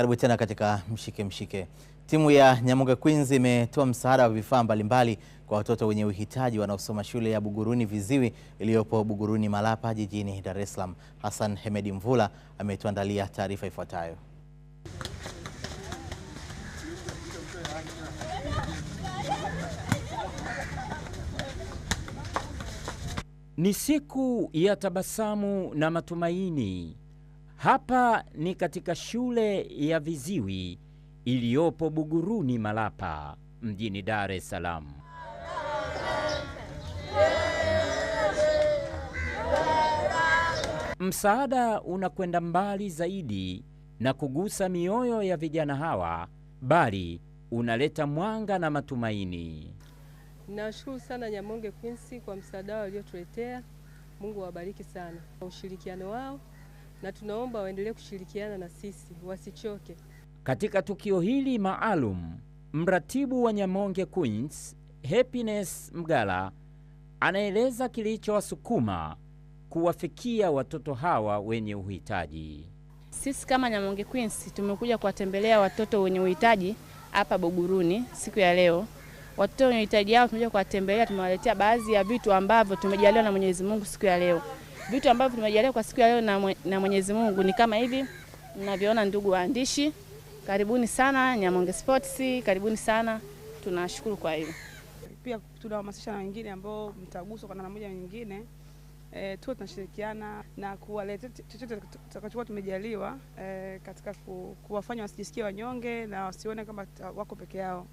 Karibu tena katika Mshike Mshike. Timu ya Nyamuga Queens imetoa msaada wa vifaa mbalimbali kwa watoto wenye uhitaji wanaosoma shule ya Buguruni Viziwi iliyopo Buguruni Malapa jijini Dar es Salaam. Hassan Hemedi Mvula ametuandalia taarifa ifuatayo. Ni siku ya tabasamu na matumaini hapa ni katika shule ya viziwi iliyopo Buguruni Malapa mjini Dar es Salaam. Msaada unakwenda mbali zaidi na kugusa mioyo ya vijana hawa, bali unaleta mwanga na matumaini. Nashukuru sana Nyamonge Quincy kwa msaada wao waliotuletea. Mungu awabariki sana kwa ushirikiano wao na tunaomba waendelee kushirikiana na sisi wasichoke. Katika tukio hili maalum, mratibu wa Nyamonge Queens Happiness Mgala anaeleza kilichowasukuma kuwafikia watoto hawa wenye uhitaji. Sisi kama Nyamonge Queens tumekuja kuwatembelea watoto wenye uhitaji hapa Buguruni siku ya leo. Watoto wenye uhitaji hao tumekuja kuwatembelea, tumewaletea baadhi ya vitu ambavyo tumejaliwa na Mwenyezi Mungu siku ya leo. Vitu ambavyo tumejaliwa kwa siku ya leo na, na Mwenyezi Mungu ni kama hivi mnavyoona, ndugu waandishi, karibuni sana Nyamonge Sports, karibuni sana, tunashukuru kwa hilo. Pia tunahamasisha na wengine ambao mtaguswa kwa namna moja nyingine E, tuwe tunashirikiana na kuwaletea chochote tutakachokuwa tumejaliwa e, katika ku, kuwafanya wasijisikie wanyonge na wasione kama wako peke yao.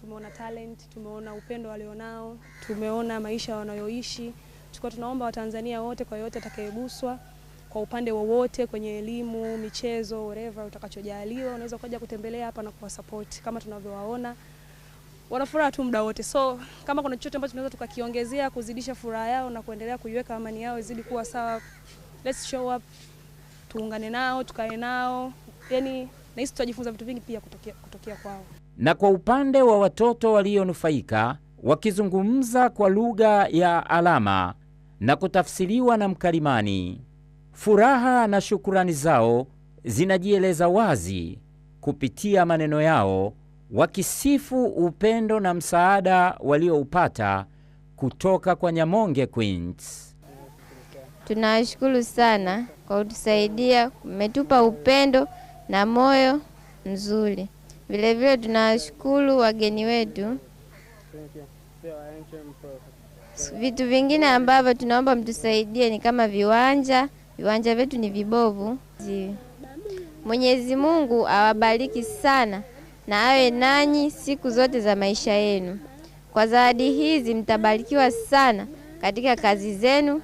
Tumeona talent, tumeona upendo walionao, tumeona maisha wanayoishi. Tulikuwa tunaomba Watanzania wote, kwa yote atakayeguswa kwa upande wowote kwenye elimu, michezo, whatever utakachojaliwa, unaweza kuja kutembelea hapa na kuwasapoti kama tunavyowaona wana furaha tu muda wote. So kama kuna chochote ambacho tunaweza tukakiongezea kuzidisha furaha yao na kuendelea kuiweka amani yao izidi kuwa sawa, let's show up, tuungane nao, tukae nao, yani nahisi tutajifunza vitu vingi pia kutokea, kutokea kwao. Na kwa upande wa watoto walionufaika wakizungumza kwa lugha ya alama na kutafsiriwa na mkalimani. Furaha na shukurani zao zinajieleza wazi kupitia maneno yao, wakisifu upendo na msaada walioupata kutoka kwa Nyamonge Queens. Tunawashukuru sana kwa kutusaidia, umetupa upendo na moyo mzuri. Vilevile tunawashukuru wageni wetu Vitu vingine ambavyo tunaomba mtusaidie ni kama viwanja, viwanja vyetu ni vibovu. Mwenyezi Mungu awabariki sana na awe nanyi siku zote za maisha yenu. Kwa zawadi hizi mtabarikiwa sana katika kazi zenu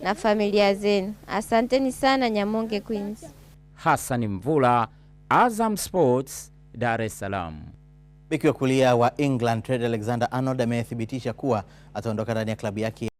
na familia zenu. Asanteni sana Nyamonge Queens. Hassan Mvula, Azam Sports, Dar es Salaam. Beki wa kulia wa England Trent Alexander-Arnold amethibitisha kuwa ataondoka ndani ya klabu yake.